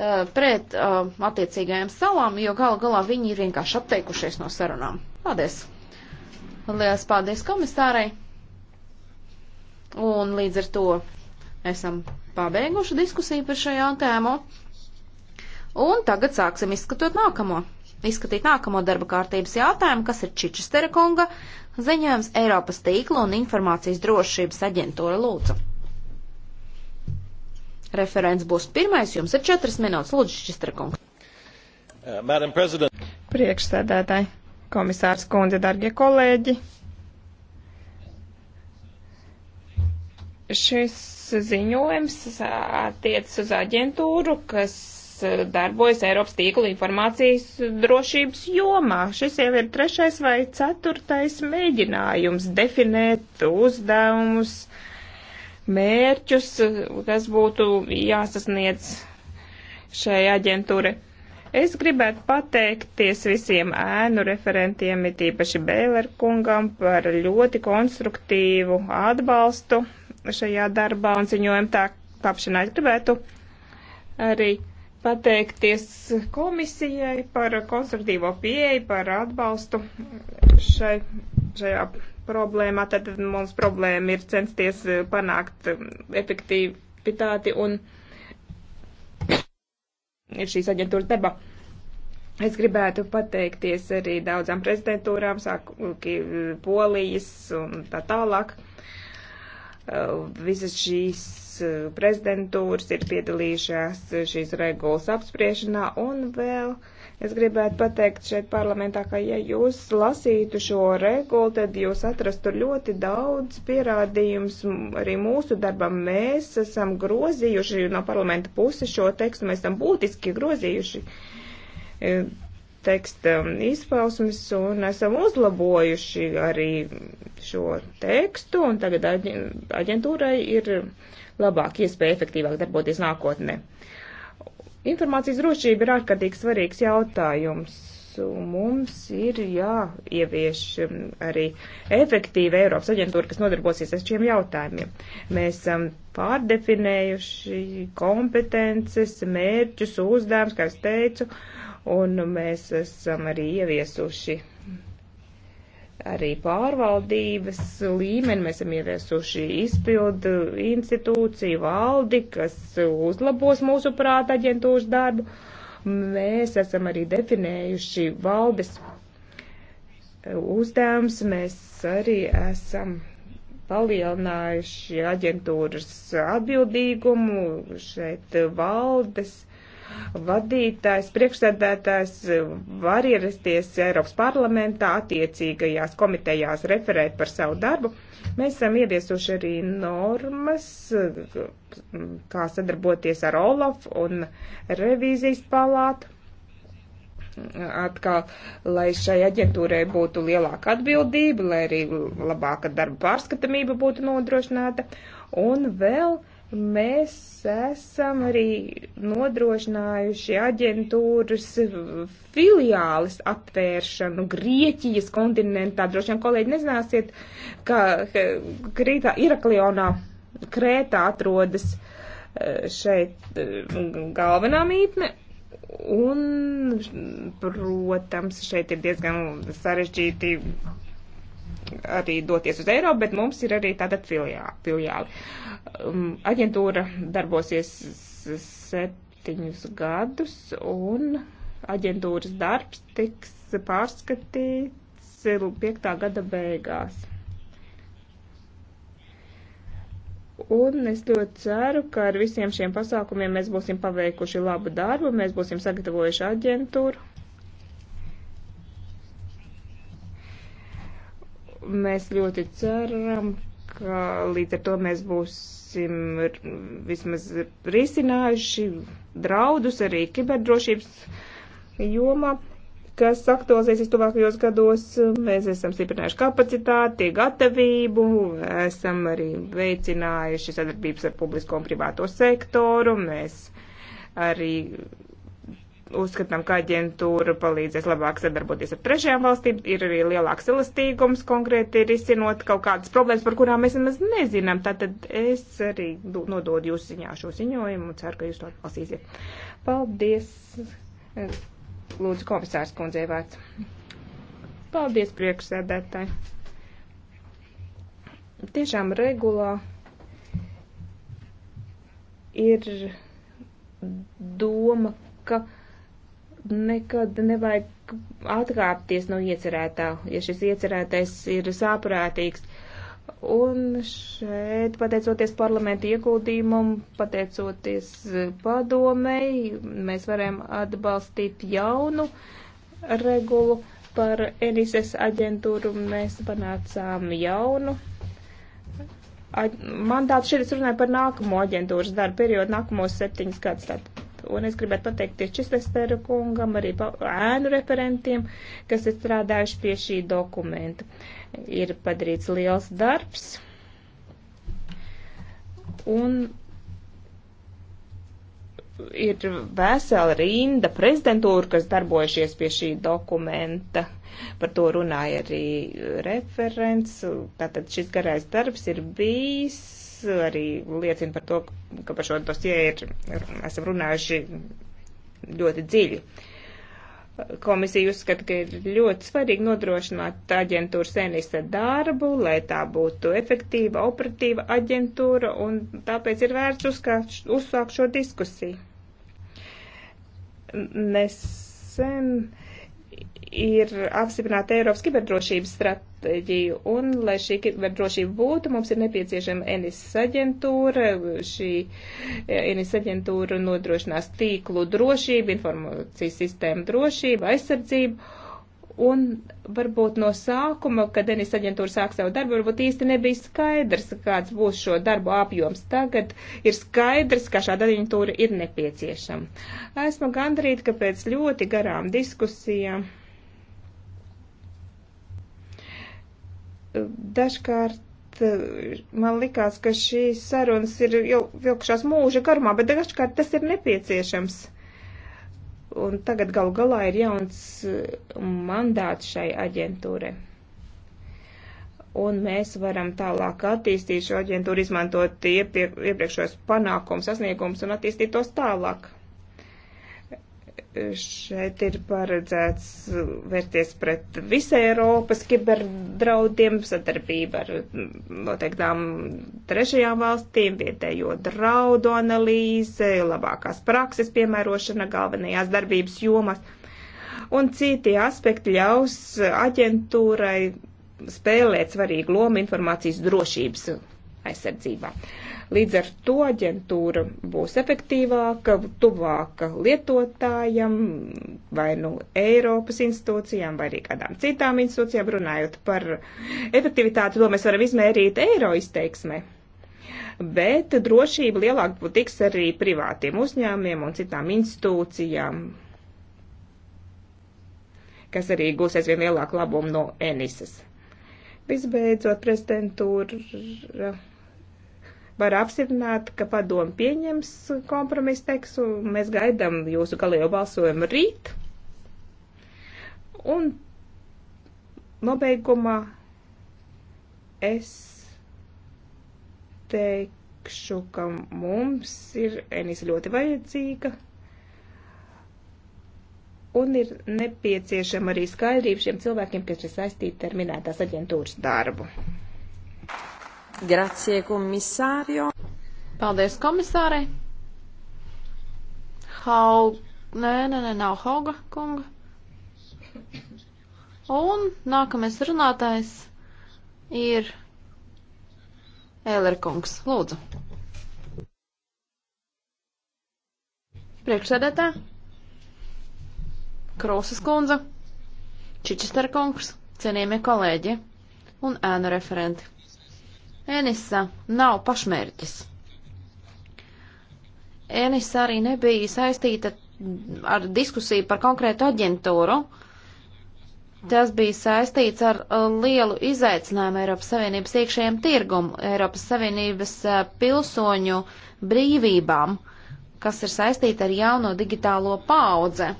Uh, pret uh, attiecīgajām salām, jo gal galā viņi ir vienkārši apteikušies no sarunām. Paldies! Lielas paldies komisārai! Un līdz ar to esam pabeiguši diskusiju par šo jautājumu. Un tagad sāksim izskatot nākamo. Izskatīt nākamo darba kārtības jautājumu, kas ir Čičistera kunga ziņojums Eiropas tīkla un informācijas drošības aģentūra lūdzu. Referents būs pirmais, jums ir četras minūtes. Lūdzu, Šķistrakungs. Uh, Priekšsēdētāji, komisārs Kundi, dargie kolēģi. Šis ziņojums attiecas uz aģentūru, kas darbojas Eiropas tīkla informācijas drošības jomā. Šis jau ir trešais vai ceturtais mēģinājums definēt uzdevumus, uh, mērķus, kas būtu jāsasniedz šai aģentūrai. Es gribētu pateikties visiem ēnu referentiem, it īpaši Bēler kungam, par ļoti konstruktīvu atbalstu šajā darbā un ziņojumu tā tapšanā. Es gribētu arī pateikties komisijai par konstruktīvo pieeju, par atbalstu šai, šajā problēmā, tad mums problēma ir censties eh, panākt eh, efektivitāti un ir šīs aģentūras darba. Es gribētu pateikties arī daudzām prezidentūrām, sākot eh, Polijas un tā tālāk. Visas šīs prezidentūras ir piedalījušās šīs regulas apspriešanā un vēl uh, Es gribētu pateikt šeit parlamentā, ka ja jūs lasītu šo regulu, tad jūs atrastu ļoti daudz pierādījums arī mūsu darbam. Mēs esam grozījuši no parlamenta puses šo tekstu, mēs esam būtiski grozījuši e, teksta izpausmes un esam uzlabojuši arī šo tekstu, un tagad aģentūrai ir labāk iespēja efektīvāk darboties nākotnē. Informācijas drošība ir ārkārtīgi svarīgs jautājums. Mums ir jāievieš um, arī efektīva Eiropas aģentūra, kas nodarbosies ar šiem jautājumiem. Mēs esam um, pārdefinējuši kompetences, mērķus, uzdevums, kā es teicu, un mēs esam arī ieviesuši arī pārvaldības līmeni. Mēs esam ieviesuši izpildu institūciju valdi, kas uzlabos mūsu prāta aģentūras darbu. Mēs esam arī definējuši valdes uzdevums. Mēs arī esam palielinājuši aģentūras atbildīgumu šeit valdes vadītājs, priekšsēdētājs var ierasties Eiropas parlamentā, attiecīgajās komitejās referēt par savu darbu. Mēs esam ieviesuši arī normas, kā sadarboties ar Olaf un revīzijas palātu. Atkal, lai šai aģentūrai būtu lielāka atbildība, lai arī labāka darba pārskatamība būtu nodrošināta. Un vēl uh, mēs esam arī nodrošinājuši aģentūras filiālis atvēršanu Grieķijas kontinentā. Droši vien kolēģi nezināsiet, ka Krītā, Iraklionā, Krētā atrodas e, šeit e, galvenā mītne. Un, protams, šeit ir diezgan sarežģīti arī doties uz Eiropu, bet mums ir arī tāda filiāli. Um, aģentūra darbosies septiņus gadus, un aģentūras darbs tiks pārskatīts 5. gada beigās. Un es ļoti ceru, ka ar visiem šiem pasākumiem mēs būsim paveikuši labu darbu, mēs būsim sagatavojuši aģentūru Mēs ļoti ceram, ka līdz ar to mēs būsim vismaz risinājuši draudus arī kiberdrošības jomā, kas aktualizēsies tuvākajos gados. Mēs esam stiprinājuši kapacitāti, gatavību, esam arī veicinājuši sadarbības ar publisko un privāto sektoru. Mēs arī uzskatām, ka aģentūra palīdzēs labāk sadarboties ar trešajām valstīm, ir arī lielāks elastīgums konkrēti risinot kaut kādas problēmas, par kurām mēs nemaz nezinām. Tātad es arī nododu jūs ziņā šo ziņojumu un ceru, ka jūs to atbalstīsiet. Paldies! Lūdzu, komisārs kundzei vārds. Paldies, priekšsēdētāji. Tiešām regulā ir doma, ka nekad nevajag atkāpties no iecerētā, ja šis iecerētais ir sāprātīgs. Un šeit, pateicoties parlamentu ieguldījumam, pateicoties eh, padomei, mēs varam atbalstīt jaunu regulu par Enises aģentūru. Mēs panācām jaunu mandātu. Šeit es runāju par nākamo aģentūras darbu periodu, nākamos septiņus gadus. Tātad Un es gribētu pateikties Čistesteru kungam, arī ēnu referentiem, kas ir strādājuši pie šī dokumenta. Ir padarīts liels darbs. Un ir vesela rinda prezidentūra, kas darbojušies pie šī dokumenta. Par to runāja arī referents. Tātad šis garais darbs ir bijis arī liecina par to, ka par šo dosie ir, esam runājuši ļoti dziļi. Komisija uzskata, ka ir ļoti svarīgi nodrošināt aģentūras senisa darbu, lai tā būtu efektīva, operatīva aģentūra, un tāpēc ir vērts uzskāt, uzsākt šo diskusiju. Nesen ir apstiprināta Eiropas kiberdrošības stratēģija, un, lai šī kiberdrošība būtu, mums ir nepieciešama ENIS aģentūra. Šī e, ENIS aģentūra nodrošinās tīklu drošību, informācijas sistēmu drošību, aizsardzību. Un varbūt no sākuma, kad Denis aģentūra sāk savu darbu, varbūt īsti nebija skaidrs, kāds būs šo darbu apjoms. Tagad ir skaidrs, ka šāda aģentūra ir nepieciešama. Esmu gandrīt, ka pēc ļoti garām diskusijām dažkārt eh, man likās, ka šīs sarunas ir jau vilkšās mūža garumā, bet dažkārt tas ir nepieciešams. Un tagad galu galā ir jauns eh, mandāts šai aģentūrai. Un mēs varam tālāk attīstīt šo aģentūru, izmantot iepriekšos panākums, sasniegums un attīstīt tos tālāk šeit ir paredzēts vērties pret visai Eiropas kiberdraudiem, sadarbība ar noteiktām trešajām valstīm, vietējo draudu analīze, labākās prakses piemērošana galvenajās darbības jomas. Un citi aspekti ļaus aģentūrai spēlēt svarīgu lomu informācijas drošības aizsardzībā. Uh, Līdz ar to aģentūra būs efektīvāka, tuvāka lietotājam, vai nu Eiropas institūcijām, vai arī kādām citām institūcijām, runājot par efektivitāti, to mēs varam izmērīt eiro izteiksmē. Bet drošība lielāk tiks arī privātiem uzņēmiem un citām institūcijām kas arī gūs aizvien lielāku labumu no Enises. Visbeidzot, prezidentūra var apstiprināt, ka padomu pieņems kompromisu tekstu. Mēs gaidām jūsu galējo balsojumu rīt. Un nobeigumā es teikšu, ka mums ir Enis ļoti vajadzīga. Un ir nepieciešama arī skaidrība šiem cilvēkiem, kas ir saistīti ar minētās aģentūras darbu. Grazie, komisārio. Paldies, komisārai. Haug... Nē, nē, nē, nav Hauga kunga. Un nākamais runātājs ir Ēlera kungs. Lūdzu. Priekšsēdētā. Krūsas kundze. Čičester kungs. Cienījamie kolēģi un ēnu referenti. Enisa nav pašmērķis. Enisa arī nebija saistīta ar diskusiju par konkrētu aģentūru. Tas bija saistīts ar uh, lielu izaicinājumu Eiropas Savienības iekšējiem tirgumu, Eiropas Savienības uh, pilsoņu brīvībām, kas ir saistīta ar jauno digitālo paudze.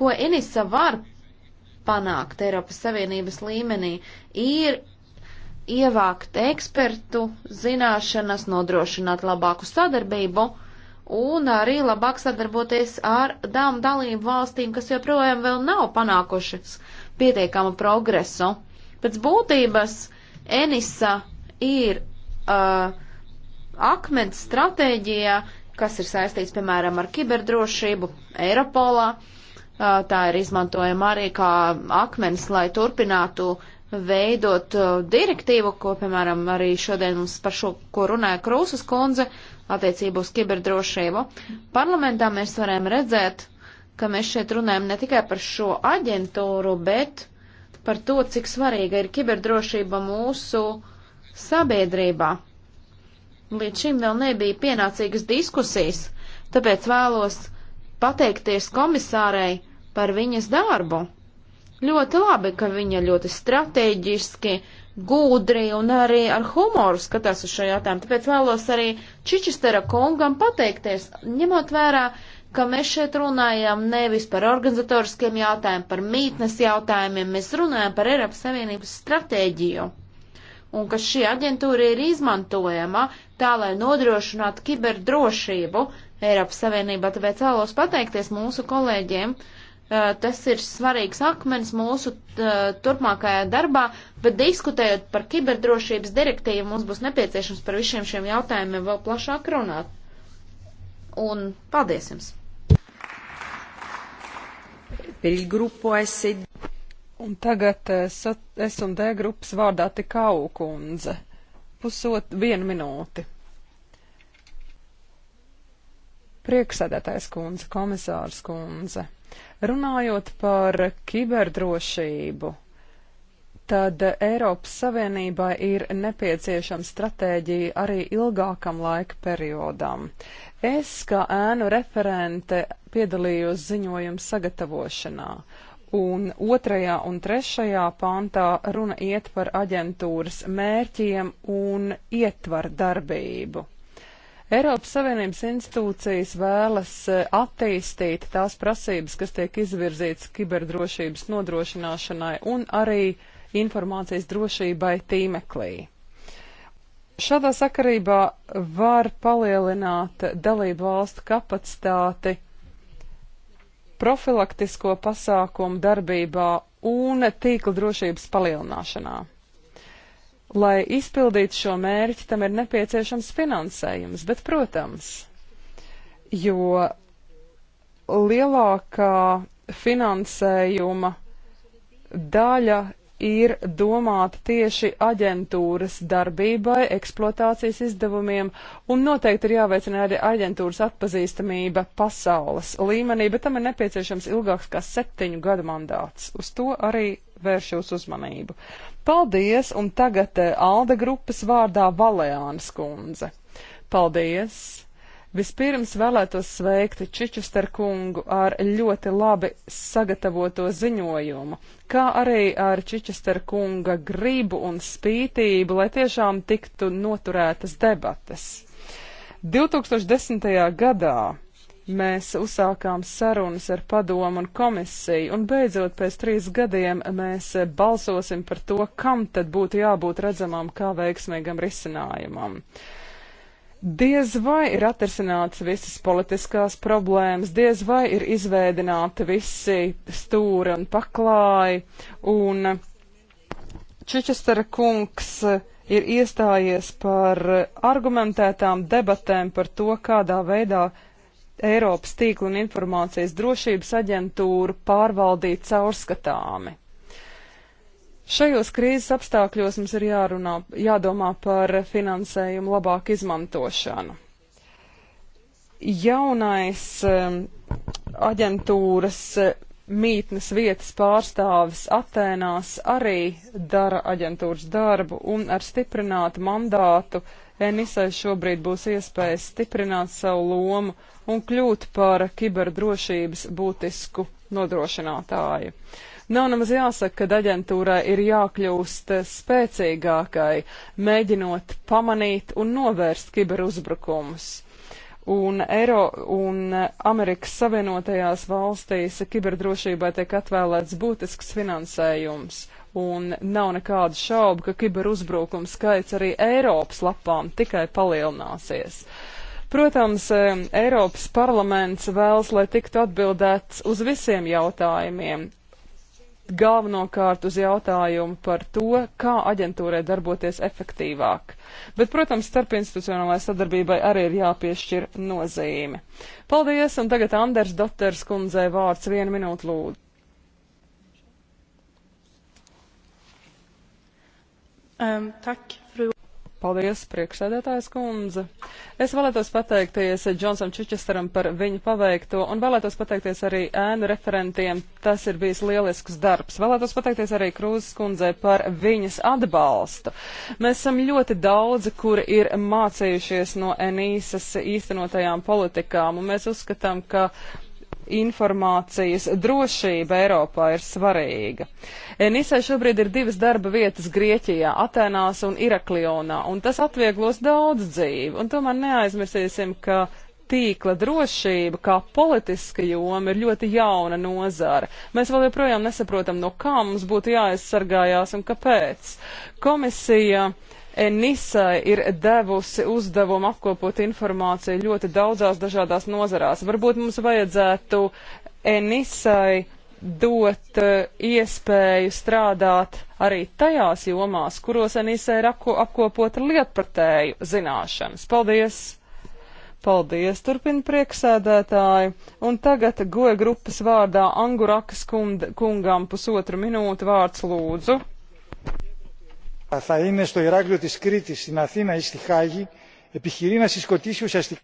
Ko Enisa var panākt Eiropas Savienības līmenī, ir ievākt ekspertu zināšanas, nodrošināt labāku sadarbību un arī labāk sadarboties ar tām dalību valstīm, kas joprojām vēl nav panākušas pietiekamu progresu. Pēc būtības Enisa ir uh, akmens stratēģija, kas ir saistīts, piemēram, ar kiberdrošību Eiropolā. Uh, tā ir izmantojama arī kā akmens, lai turpinātu uh, veidot uh, direktīvu, ko, piemēram, arī šodien mums par šo, ko runāja Krūsas kundze, attiecību uz kiberdrošību. Parlamentā mēs varējām redzēt, ka mēs šeit runājam ne tikai par šo aģentūru, bet par to, cik svarīga ir kiberdrošība mūsu sabiedrībā. Līdz šim vēl nebija pienācīgas diskusijas, tāpēc vēlos pateikties komisārei par viņas darbu. Ļoti labi, ka viņa ļoti strateģiski, gudri un arī ar humoru skatās uz šo jautājumu. Tāpēc vēlos arī Čičistera kungam pateikties, ņemot vērā, ka mēs šeit runājam nevis par organizatoriskiem jautājumiem, par mītnes jautājumiem, mēs runājam par Eiropas Savienības stratēģiju un ka šī aģentūra ir izmantojama tā, lai nodrošinātu kiberdrošību Eiropas Savienībā. Tāpēc vēlos pateikties mūsu kolēģiem Eh, tas ir svarīgs akmens mūsu eh, turpmākajā darbā, bet diskutējot par kiberdrošības direktīvu, mums būs nepieciešams par visiem šiem jautājumiem vēl plašāk runāt. Un paldies jums! Un tagad eh, S&D grupas vārdā tik augundze. Pusot vienu minūti. Prieksēdētājs kundze, komisārs kundze. Runājot par kiberdrošību, tad Eiropas Savienībai ir nepieciešama stratēģija arī ilgākam laika periodam. Es, kā ēnu referente, piedalījos ziņojuma sagatavošanā, un otrajā un trešajā pantā runa iet par aģentūras mērķiem un ietvar darbību. Eiropas Savienības institūcijas vēlas eh, attīstīt tās prasības, kas tiek izvirzītas kiberdrošības nodrošināšanai un arī informācijas drošībai tīmeklī. Šādā sakarībā var palielināt dalību valstu kapacitāti profilaktisko pasākumu darbībā un tīkla drošības palielināšanā. Lai izpildītu šo mērķi, tam ir nepieciešams finansējums, bet, protams, jo lielākā finansējuma daļa ir domāta tieši aģentūras darbībai, eksploatācijas izdevumiem, un noteikti ir jāveicina arī aģentūras atpazīstamība pasaules līmenī, bet tam ir nepieciešams ilgāks kā septiņu gadu mandāts. Uz to arī vērš jūs uzmanību. Paldies, un tagad eh, Alde grupas vārdā Valēānas kundze. Paldies! Vispirms vēlētos sveikt Čičester kungu ar ļoti labi sagatavoto ziņojumu, kā arī ar Čičester kunga gribu un spītību, lai tiešām tiktu noturētas debates. 2010. gadā mēs uzsākām sarunas ar padomu un komisiju, un beidzot pēc trīs gadiem mēs balsosim par to, kam tad būtu jābūt redzamam kā veiksmīgam risinājumam. Diez vai ir atrasināts visas politiskās problēmas, diez vai ir izveidināti visi stūri un paklāji, un Čičestara kungs ir iestājies par argumentētām debatēm par to, kādā veidā Eiropas tīkla un informācijas drošības aģentūru pārvaldīt caurskatāmi. Šajos krīzes apstākļos mums ir jārunā, jādomā par finansējumu labāku izmantošanu. Jaunais um, aģentūras um, mītnes vietas pārstāvis Atēnās arī dara aģentūras darbu un ar stiprinātu mandātu uh, Enisai šobrīd būs iespēja stiprināt savu lomu un kļūt par kiberdrošības būtisku nodrošinātāju. Nav nemaz jāsaka, ka aģentūrai ir jākļūst spēcīgākai, mēģinot pamanīt un novērst kiberuzbrukumus. Un, Eiro un Amerikas Savienotajās valstīs kiberdrošībai tiek atvēlēts būtisks finansējums, un nav nekādu šaubu, ka kiberuzbrukumu skaits arī Eiropas lapām tikai palielināsies. Protams, Eiropas parlaments vēlas, lai tiktu atbildēts uz visiem jautājumiem, galvenokārt uz jautājumu par to, kā aģentūrai darboties efektīvāk. Bet, protams, starpinstitucionālajai sadarbībai arī ir jāpiešķir nozīme. Paldies, un tagad Anders Dotters kundzei vārds vienu minūtu lūdzu. Um, tak, fru. Paldies, priekšsēdētājs kundze. Es vēlētos pateikties Džonsam Čičesteram par viņu paveikto un vēlētos pateikties arī ēnu referentiem. Tas ir bijis lielisks darbs. Vēlētos pateikties arī Krūzes kundzei par viņas atbalstu. Mēs esam ļoti daudzi, kuri ir mācījušies no Enīsas īstenotajām politikām un mēs uzskatām, ka informācijas drošība Eiropā ir svarīga. Nisai šobrīd ir divas darba vietas Grieķijā, Atenās un Iraklionā, un tas atvieglos daudz dzīvi, un tomēr neaizmirsīsim, ka tīkla drošība kā politiska joma ir ļoti jauna nozara. Mēs vēl joprojām nesaprotam, no kā mums būtu jāaizsargājās un kāpēc. Komisija uh, Nisai ir devusi uzdevumu apkopot informāciju ļoti daudzās dažādās nozarās. Varbūt mums vajadzētu Nisai dot eh, iespēju strādāt arī tajās jomās, kuros Nisai ir apko apkopota lietpratēju zināšanas. Paldies! Paldies, turpina prieksēdētāji. Un tagad goja grupas vārdā Angurakas kungam pusotru minūtu vārds lūdzu θα είναι στο Ηράκλειο της Κρήτης, στην Αθήνα ή στη Χάγη, επιχειρεί να συσκοτήσει ουσιαστικά.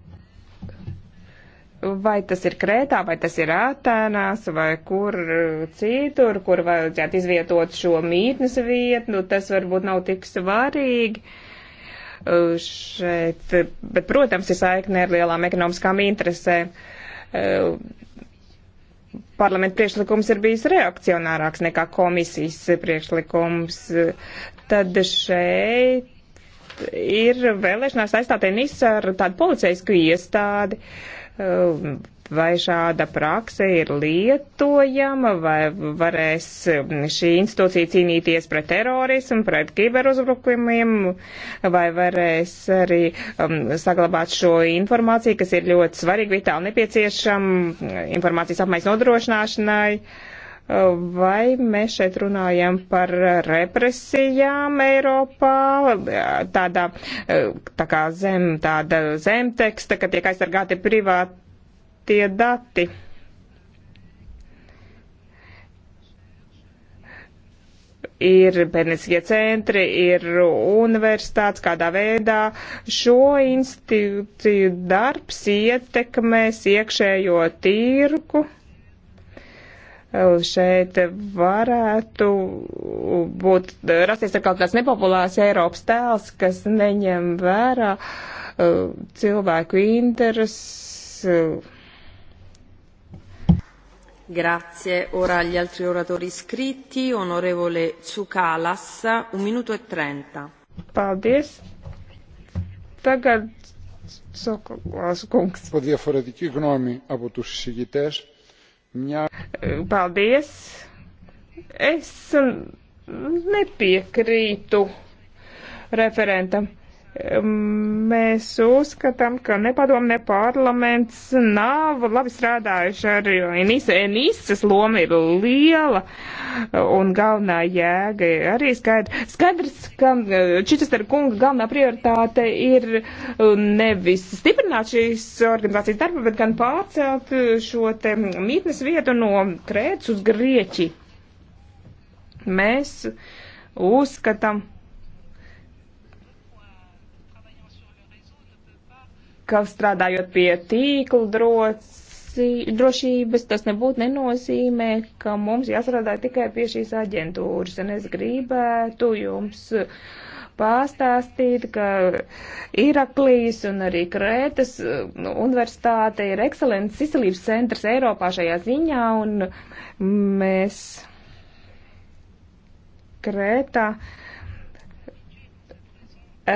Vai tas ir Krētā, vai tas ir Ātēnās, vai kur uh, citur, kur vajadzētu izvietot šo mītnes vietu, nu, tas varbūt nav tik svarīgi uh, šeit, bet, protams, ir saikne ar lielām ekonomiskām interesēm uh, parlamenta priekšlikums ir bijis reakcionārāks nekā komisijas priekšlikums, tad šeit ir vēlēšanās aizstāt tenis ar tādu policijas iestādi. Uh, vai šāda prakse ir lietojama, vai varēs šī institūcija cīnīties pret terorismu, pret kiberuzbrukumiem, vai varēs arī um, saglabāt šo informāciju, kas ir ļoti svarīga, vitāli nepieciešama informācijas apmaiņas nodrošināšanai. Vai mēs šeit runājam par represijām Eiropā, tādā, tā kā zem, tāda zemteksta, ka tiek aizsargāti privāti tie dati. ir pērnieciskie centri, ir universitātes, kādā veidā šo institūciju darbs ietekmēs iekšējo tirku. Šeit varētu būt rasties tā kā tāds nepopulārs Eiropas tēls, kas neņem vērā uh, cilvēku intereses uh, Grazie. Ora agli altri oratori iscritti. Onorevole Tsukalas, un minuto e trenta. Paldies. Tagad Tsukalas kungs. Po διαφορετική γνώμη από τους συζητητές, μια... Paldies. Es nepiekrītu referentam mēs uzskatām, ka ne padomu, ne parlaments nav labi strādājuši arī. Nīsas loma ir liela un galvenā jēga arī skaidra. Skaidrs, ka e, Čičester kunga galvenā prioritāte ir e, nevis stiprināt šīs organizācijas darbu, bet gan pārcelt šo te mītnes vietu no Krēts uz Grieķi. Mēs uzskatām, ka strādājot pie tīkla droci, drošības, tas nebūtu nenozīmē, ka mums jāstrādā tikai pie šīs aģentūras. Un es gribētu jums pastāstīt, ka Iraklijas un arī Krētas uh, universitāte ir ekscelences izcelības centrs Eiropā šajā ziņā, un mēs Krētā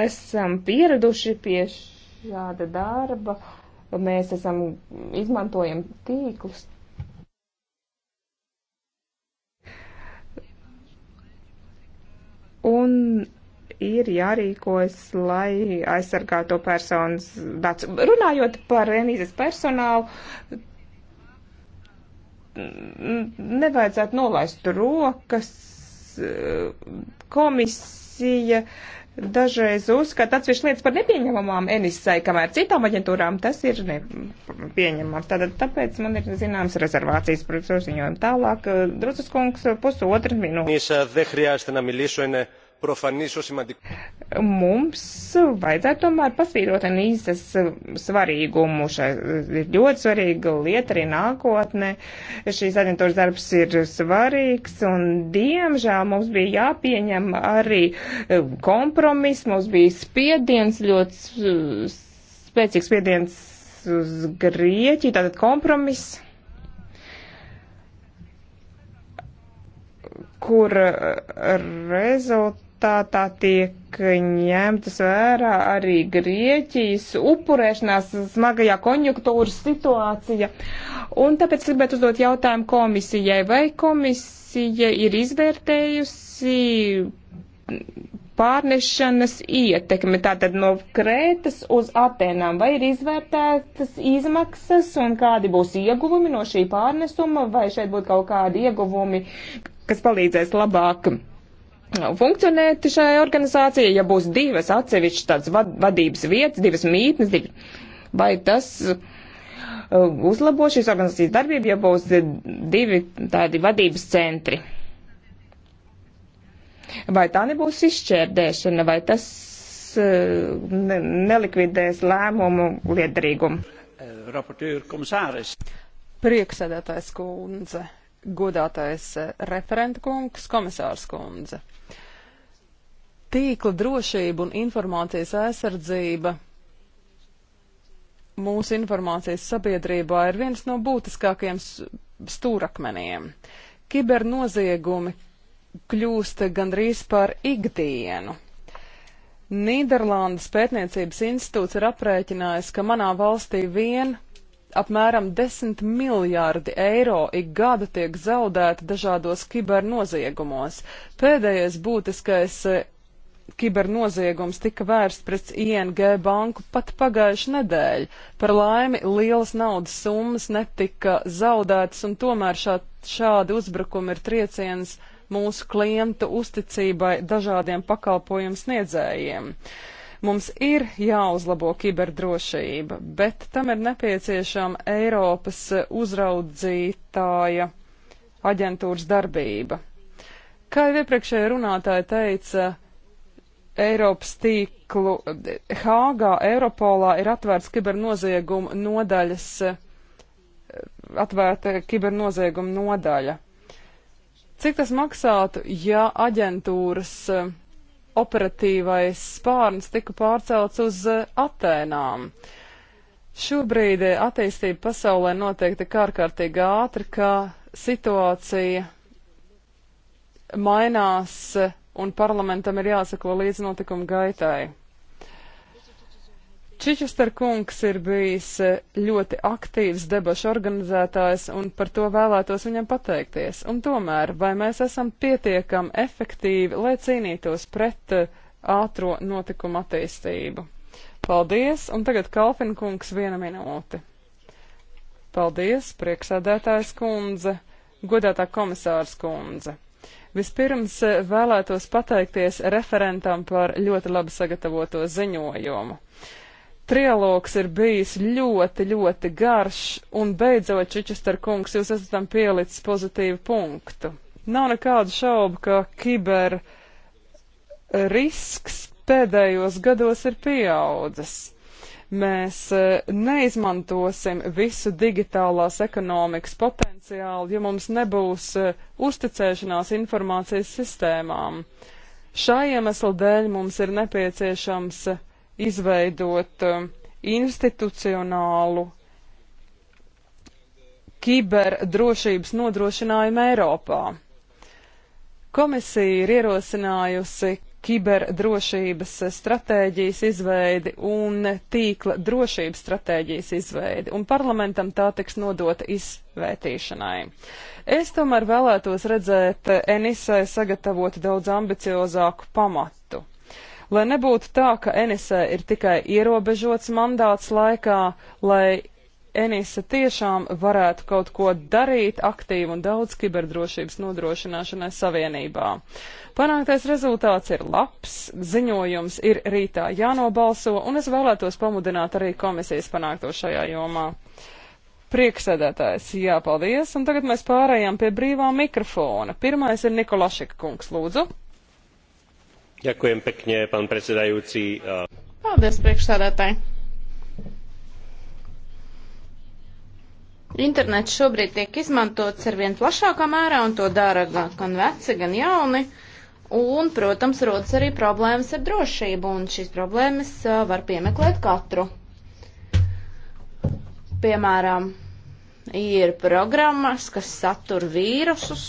esam pieraduši pie šī šāda darba. Mēs esam izmantojam tīklus. Un ir jārīkojas, lai aizsargātu personas datus. Runājot par renīzes personālu, nevajadzētu nolaist rokas. Komisija dažreiz uzskata atsevišķas lietas par nepieņemamām NSA, kamēr citām aģentūrām tas ir nepieņemams. Tātad tāpēc man ir zināmas rezervācijas par šo ziņojumu. Tālāk, eh, Drusas kungs, pusotru minūti προφανής ως σημαντικό. Mums vajadzētu tomēr pasvīrot anīzes svarīgumu. Šai ir ļoti svarīga lieta arī nākotnē. Šīs aģentūras darbs ir svarīgs un diemžēl mums bija jāpieņem arī eh, kompromis, mums bija spiediens, ļoti spēcīgs spiediens uz Grieķiju, tātad kompromis. kur eh, rezultāts rezultātā tiek ņemtas vērā arī Grieķijas upurēšanās smagajā konjunktūras situācija. Un tāpēc gribētu uzdot jautājumu komisijai, vai komisija ir izvērtējusi pārnešanas ietekmi, tātad no Krētas uz Atenām, vai ir izvērtētas izmaksas un kādi būs ieguvumi no šī pārnesuma, vai šeit būtu kaut kādi ieguvumi, kas palīdzēs labāk funkcionēt šai organizācijai, ja būs divas atsevišķas tādas vad, vadības vietas, divas mītnes, divas. vai tas uh, uzlabo šīs organizācijas darbību, ja būs divi tādi vadības centri. Vai tā nebūs izšķērdēšana, vai tas uh, ne, nelikvidēs lēmumu liederīgumu? Priekšsēdētājs kundze, godātais eh, referenta kungs, komisārs kundze. Tīkla drošība un informācijas aizsardzība mūsu informācijas sabiedrībā ir viens no būtiskākajiem stūrakmeniem. Kibernoziegumi kļūst gandrīz par ikdienu. Nīderlandes pētniecības institūts ir aprēķinājis, ka manā valstī vien apmēram 10 miljārdi eiro ik gada tiek zaudēti dažādos kibernoziegumos. Pēdējais būtiskais eh, kibernoziegums tika vērsts pret ING banku pat pagājuši nedēļ. Par laimi lielas naudas summas netika zaudētas un tomēr šā, šādi uzbrukumi ir trieciens mūsu klientu uzticībai dažādiem pakalpojumu sniedzējiem. Uh, Mums ir jāuzlabo kiberdrošība, bet tam ir nepieciešama Eiropas uzraudzītāja aģentūras darbība. Kā jau iepriekšēja runātāja teica, Eiropas tīklu Hāgā, Eiropolā ir atvērts kibernozieguma nodaļas, atvērta kibernozieguma nodaļa. Cik tas maksātu, ja aģentūras operatīvais spārns tika pārcelts uz eh, Atēnām. Šobrīd eh, attīstība pasaulē notiek tik ārkārtīgi ātri, ka situācija mainās eh, un parlamentam ir jāsako līdz notikumu gaitai. Čičester kungs ir bijis e, ļoti aktīvs debašu organizētājs un par to vēlētos viņam pateikties. Un tomēr, vai mēs esam pietiekami efektīvi, lai cīnītos pret e, ātro notikumu attīstību? Paldies, un tagad Kalfin kungs viena minūte. Paldies, prieksēdētājs kundze, godētā komisārs kundze. Vispirms e, vēlētos pateikties referentam par ļoti labi sagatavoto ziņojumu. Uh, Trialogs ir bijis ļoti, ļoti garš, un beidzot, Čičester kungs, jūs esat tam pielicis pozitīvu punktu. Nav nekādu šaubu, ka kiber risks pēdējos gados ir pieaudzis. Mēs e, neizmantosim visu digitālās ekonomikas potenciālu, ja mums nebūs e, uzticēšanās informācijas sistēmām. Šā iemesla dēļ mums ir nepieciešams e, izveidot um, institucionālu kiberdrošības nodrošinājumu Eiropā. Komisija ir ierosinājusi kiberdrošības stratēģijas izveidi un tīkla drošības stratēģijas izveidi, un parlamentam tā tiks nodota izvērtīšanai. Es tomēr vēlētos redzēt Enisai sagatavot daudz ambiciozāku pamatu. Lai nebūtu tā, ka Enisē ir tikai ierobežots mandāts laikā, lai Enisa tiešām varētu kaut ko darīt aktīvi un daudz kiberdrošības nodrošināšanai savienībā. Panāktais rezultāts ir labs, ziņojums ir rītā jānobalso, un es vēlētos pamudināt arī komisijas panākto šajā jomā. Prieksēdētājs, jā, paldies, un tagad mēs pārējām pie brīvā mikrofona. Pirmais ir Nikolašika kungs, lūdzu. Ďakujem pekne, pán predsedajúci. Paldies, priekšsādātāji. Internets šobrīd tiek izmantots ar vien plašākā mērā, un to dara gan veci, gan jauni. Un, protams, rodas arī problēmas ar drošību, un šīs problēmas uh, var piemeklēt katru. Piemēram, ir programmas, kas satur vīrusus,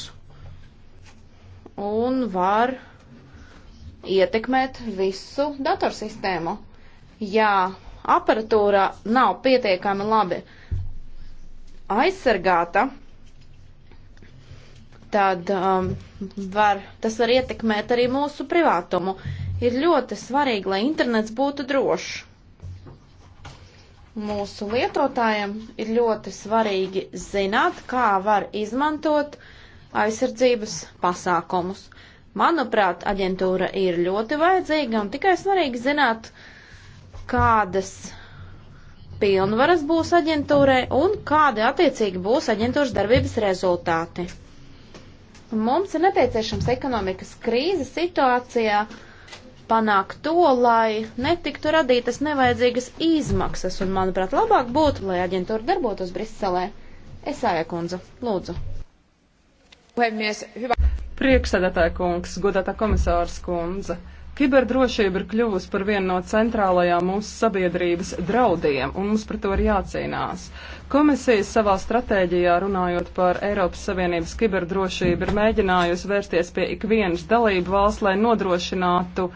un var ietekmēt visu datorsistēmu. Ja aparatūra nav pietiekami labi aizsargāta, tad um, var, tas var ietekmēt arī mūsu privātumu. Ir ļoti svarīgi, lai internets būtu drošs. Mūsu lietotājiem ir ļoti svarīgi zināt, kā var izmantot aizsardzības pasākumus. Manuprāt, aģentūra ir ļoti vajadzīga un tikai svarīgi zināt, kādas pilnvaras būs aģentūrai un kādi attiecīgi būs aģentūras darbības rezultāti. Mums ir nepieciešams ekonomikas krīzes situācijā panākt to, lai netiktu radītas nevajadzīgas izmaksas, un, manuprāt, labāk būtu, lai aģentūra darbotos Briselē. Esāja kundze, lūdzu. Puhemies, hyvä. Priekšsēdētāja kungs, godātā komisārs kundze, kiberdrošība ir kļuvusi par vienu no centrālajām mūsu sabiedrības draudiem, un mums par to ir jācīnās. Komisija savā stratēģijā runājot par Eiropas Savienības kiberdrošību ir mēģinājusi vērsties pie ikvienas dalību valsts, lai nodrošinātu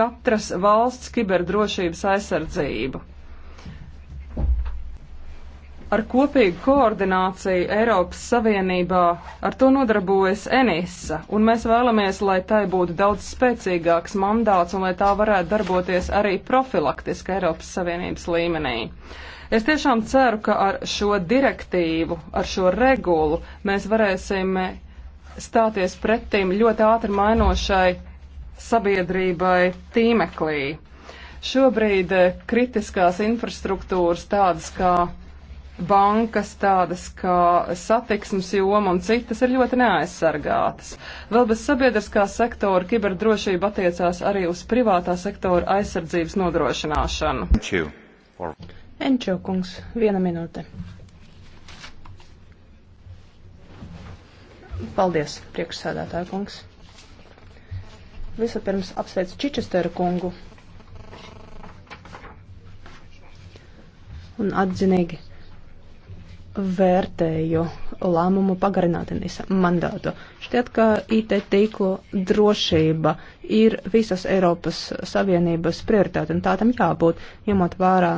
katras valsts kiberdrošības aizsardzību ar kopīgu koordināciju Eiropas Savienībā, ar to nodarbojas ENISA, un mēs vēlamies, lai tai būtu daudz spēcīgāks mandāts un lai tā varētu darboties arī profilaktiski Eiropas Savienības līmenī. Es tiešām ceru, ka ar šo direktīvu, ar šo regulu mēs varēsim stāties pretīm ļoti ātri mainošai sabiedrībai tīmeklī. Šobrīd eh, kritiskās infrastruktūras tādas kā bankas, tādas kā satiksmes joma un citas, ir ļoti neaizsargātas. Vēl bez sabiedriskā sektora kiberdrošība attiecās arī uz privātā sektora aizsardzības nodrošināšanu. Enčo kungs, viena minūte. Paldies, priekšsēdētāja kungs. Vispirms apsveicu Čičesteru kungu un atzinīgi vērtēju lēmumu pagarināt mandātu. Šķiet, ka IT tīklu drošība ir visas Eiropas Savienības prioritāte, un tā tam jābūt, ņemot vērā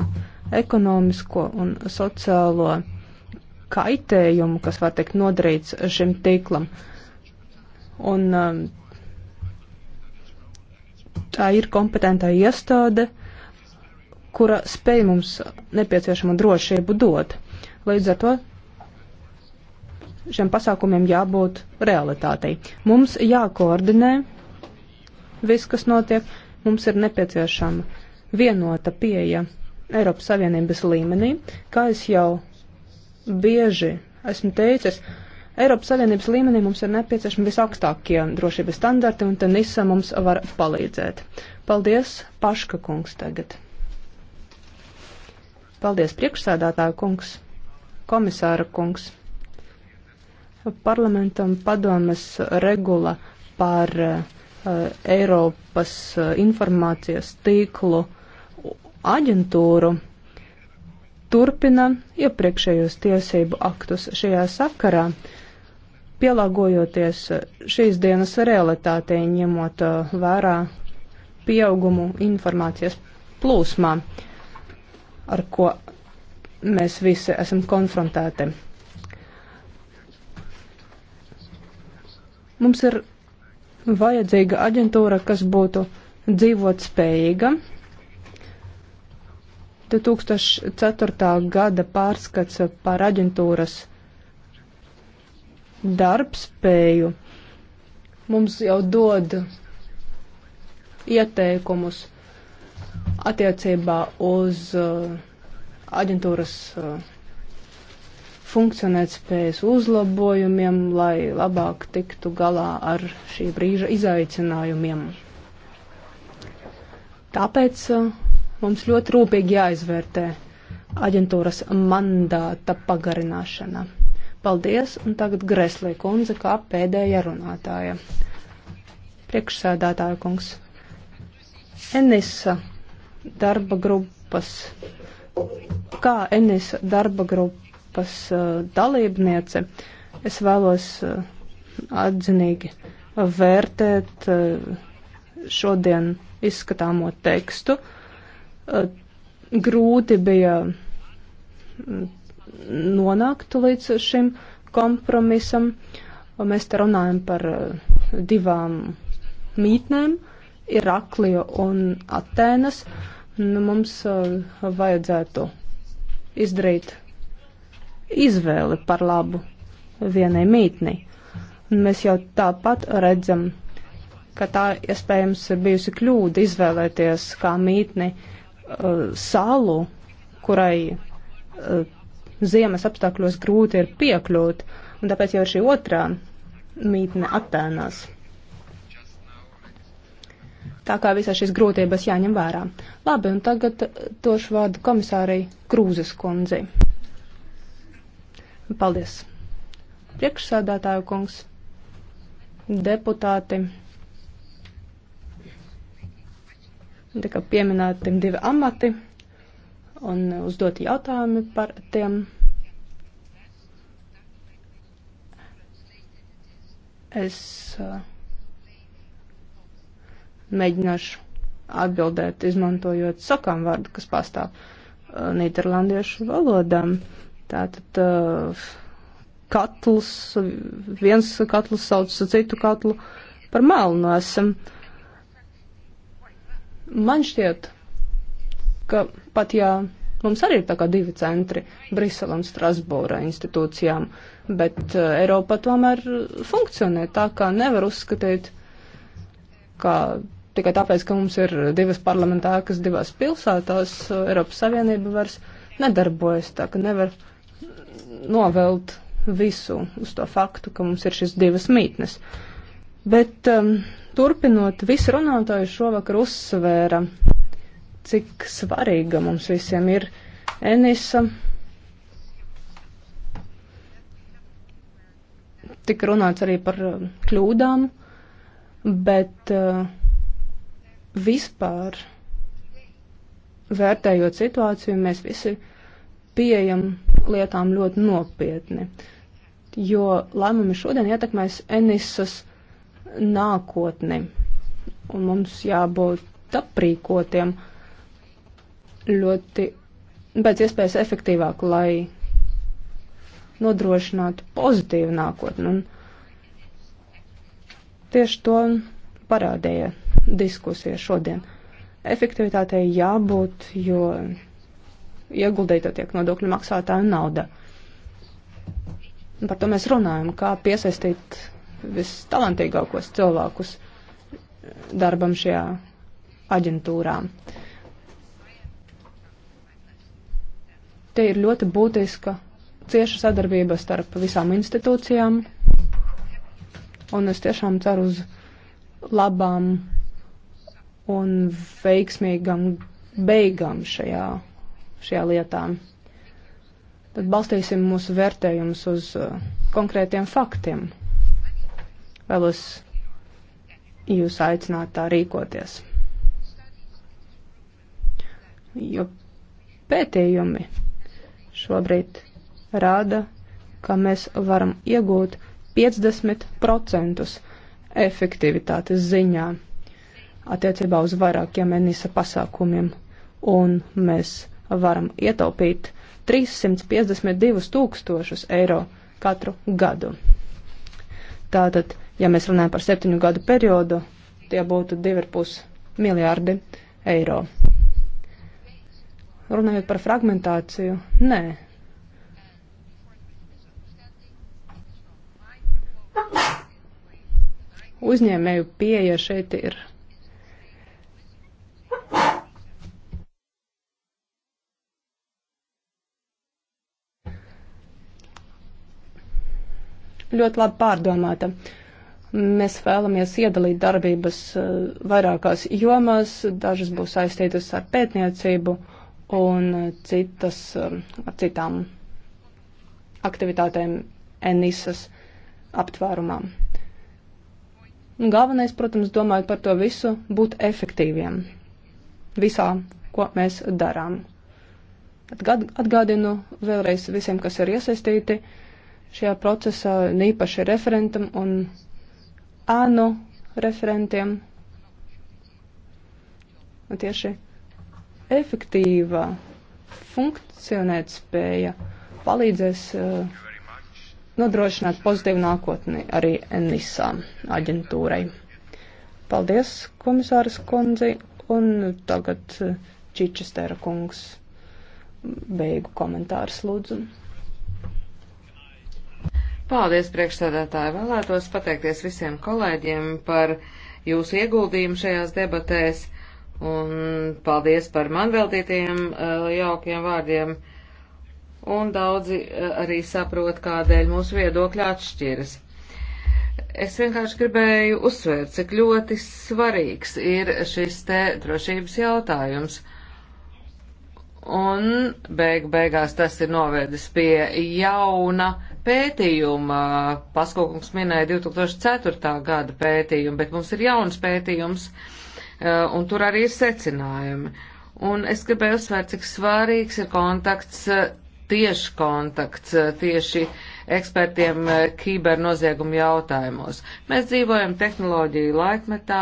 ekonomisko un sociālo kaitējumu, kas var teikt nodarīts šim tīklam. Un um, tā ir kompetentā iestāde, kura spēj mums nepieciešamo drošību dot Līdz ar to šiem pasākumiem jābūt realitātei. Mums jākoordinē viss, kas notiek. Mums ir nepieciešama vienota pieeja Eiropas Savienības līmenī. Kā es jau bieži esmu teicis, Eiropas Savienības līmenī mums ir nepieciešami visaugstākie drošības standarti, un te Nisa mums var palīdzēt. Paldies, Paška kungs tagad. Paldies, priekšsēdētāja kungs. Komisāra kungs, parlamentam padomes regula par uh, Eiropas eh, informācijas tīklu aģentūru turpina iepriekšējos tiesību aktus šajā sakarā, pielāgojoties eh, šīs dienas realitātei, ņemot vērā pieaugumu informācijas plūsmā, ar ko mēs visi esam konfrontēti. Mums ir vajadzīga aģentūra, kas būtu dzīvot spējīga. 2004. gada pārskats par aģentūras darbspēju mums jau dod ieteikumus attiecībā uz uh, aģentūras uh, funkcionētspējas uzlabojumiem, lai labāk tiktu galā ar šī brīža izaicinājumiem. Tāpēc uh, mums ļoti rūpīgi jāizvērtē aģentūras mandāta pagarināšana. Paldies, un tagad Greslī kundze kā pēdējā runātāja. Priekšsēdētāja kungs. Enisa darba grupas Kā Enis darba grupas uh, dalībniece, es vēlos uh, atzinīgi vērtēt uh, šodien izskatāmo tekstu. Grūti bija mm, nonākt līdz šim kompromisam. Mēs te runājam par divām mītnēm - Iraklija un Atēnas. Uh, nu, mums uh, vajadzētu izdarīt izvēli par labu vienai mītnei. Un mēs jau tāpat redzam, ka tā iespējams ir bijusi kļūda izvēlēties kā mītni uh, salu, kurai uh, ziemas apstākļos grūti ir piekļūt, un tāpēc jau šī otrā mītne attēnās. Tā kā visas šīs grūtības jāņem vērā. Labi, un tagad došu vārdu komisārai Krūzes kundzei. Paldies. Priekšsēdētāju kungs, deputāti. Tika pieminēti divi amati un uzdoti jautājumi par tiem. Es uh, Mēģināšu atbildēt, izmantojot sakām vārdu, kas pastāv uh, nīderlandiešu valodām. Tātad uh, katls, viens katls sauc citu katlu par melnu esam. Man šķiet, ka pat jā, mums arī ir tā kā divi centri - Brisele un Strasbūra institūcijām, bet uh, Eiropa tomēr funkcionē tā, kā nevar uzskatīt, ka tikai tāpēc, ka mums ir divas parlamentārkas divās pilsētās, Eiropas Savienība vairs nedarbojas, tā ka nevar novelt visu uz to faktu, ka mums ir šis divas mītnes. Bet um, turpinot, visi runātāji šovakar uzsvēra, cik svarīga mums visiem ir Enisa. Tik runāts arī par um, kļūdām, bet uh, Vispār vērtējot situāciju, mēs visi pieejam lietām ļoti nopietni, jo lēmumi šodien ietekmēs Enisas nākotni, un mums jābūt aprīkotiem ļoti pēc iespējas efektīvāk, lai nodrošinātu pozitīvu nākotni. Un tieši to parādīja diskusija šodien. Efektivitātei jābūt, jo ieguldīta tiek nodokļu maksātāja nauda. Par to mēs runājam, kā piesaistīt vistalantīgākos cilvēkus darbam šajā aģentūrā. Te ir ļoti būtiska cieša sadarbība starp visām institūcijām, un es tiešām ceru uz labām un veiksmīgām beigām šajā, šajā lietā. Tad balstīsim mūsu vērtējumus uz uh, konkrētiem faktiem. Vēlos jūs aicināt tā rīkoties. Jo pētījumi šobrīd rāda, ka mēs varam iegūt 50% efektivitātes ziņā attiecībā uz vairākiem enisa pasākumiem, un mēs varam ietaupīt 352 tūkstošus eiro katru gadu. Tātad, ja mēs runājam par septiņu gadu periodu, tie būtu 2,5 miljārdi eiro. Runājot par fragmentāciju, nē uzņēmēju pieeja šeit ir. Ļoti labi pārdomāta. Mēs vēlamies iedalīt darbības eh, vairākās jomās, dažas būs saistītas ar pētniecību un citas eh, ar citām aktivitātēm Enisas aptvērumām. Un galvenais, protams, domājot par to visu, būt efektīviem visā, ko mēs darām. Atgādinu vēlreiz visiem, kas ir iesaistīti šajā procesā, īpaši referentam un ānu referentiem. Un tieši efektīva funkcionēt spēja palīdzēs uh, nodrošināt pozitīvu nākotni arī NISA aģentūrai. Paldies, komisāras kundzi, un tagad eh, Čičestēra kungs beigu komentārus lūdzu. Paldies, priekšsēdētāji! Vēlētos pateikties visiem kolēģiem par jūsu ieguldījumu šajās debatēs, un paldies par man veltītajiem eh, jaukiem vārdiem un daudzi eh, arī saprot, kādēļ mūsu viedokļi atšķiras. Es vienkārši gribēju uzsvērt, cik ļoti svarīgs ir šis te drošības jautājums. Un beig beigās tas ir novedis pie jauna pētījuma. Paskokums minēja 2004. gada pētījumu, bet mums ir jauns pētījums, eh, un tur arī ir secinājumi. Un es gribēju uzsvērt, cik svarīgs ir kontakts eh, tieši kontakts eh, tieši ekspertiem eh, kibernoziegumu jautājumos. Mēs dzīvojam tehnoloģiju laikmetā,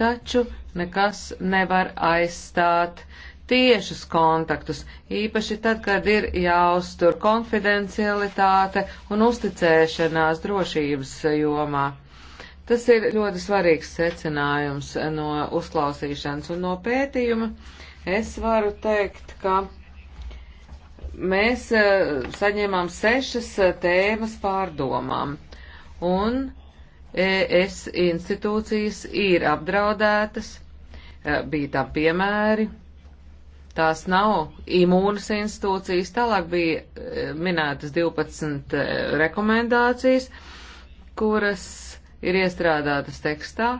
taču nekas nevar aizstāt tiešus kontaktus, īpaši tad, kad ir jāuztur konfidencialitāte un uzticēšanās drošības jomā. Tas ir ļoti svarīgs secinājums no uzklausīšanas un no pētījuma. Es varu teikt, ka mēs eh, saņēmām sešas eh, tēmas pārdomām, un ES institūcijas ir apdraudētas, eh, bija tam piemēri, tās nav imūnas institūcijas, tālāk bija minētas 12 rekomendācijas, kuras ir iestrādātas tekstā,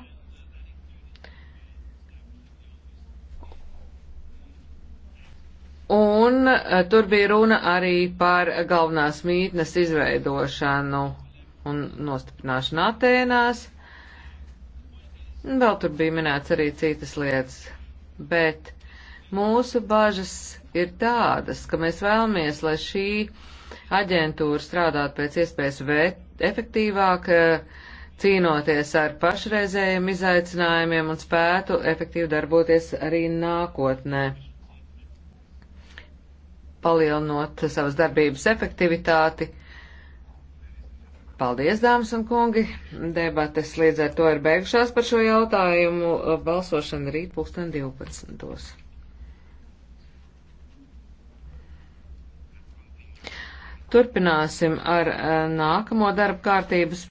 Un eh, tur bija runa arī par galvenās mītnes izveidošanu un nostiprināšanu Atēnās. Vēl tur bija minēts arī citas lietas, bet mūsu bažas ir tādas, ka mēs vēlamies, lai šī aģentūra strādātu pēc iespējas efektīvāk, eh, cīnoties ar pašreizējiem izaicinājumiem un spētu efektīvi darboties arī nākotnē palielinot savas darbības efektivitāti. Paldies, dāmas un kungi! Debates līdz ar to ir beigušās par šo jautājumu. Balsošana rīt pulksten 12. Turpināsim ar eh, nākamo darba kārtības.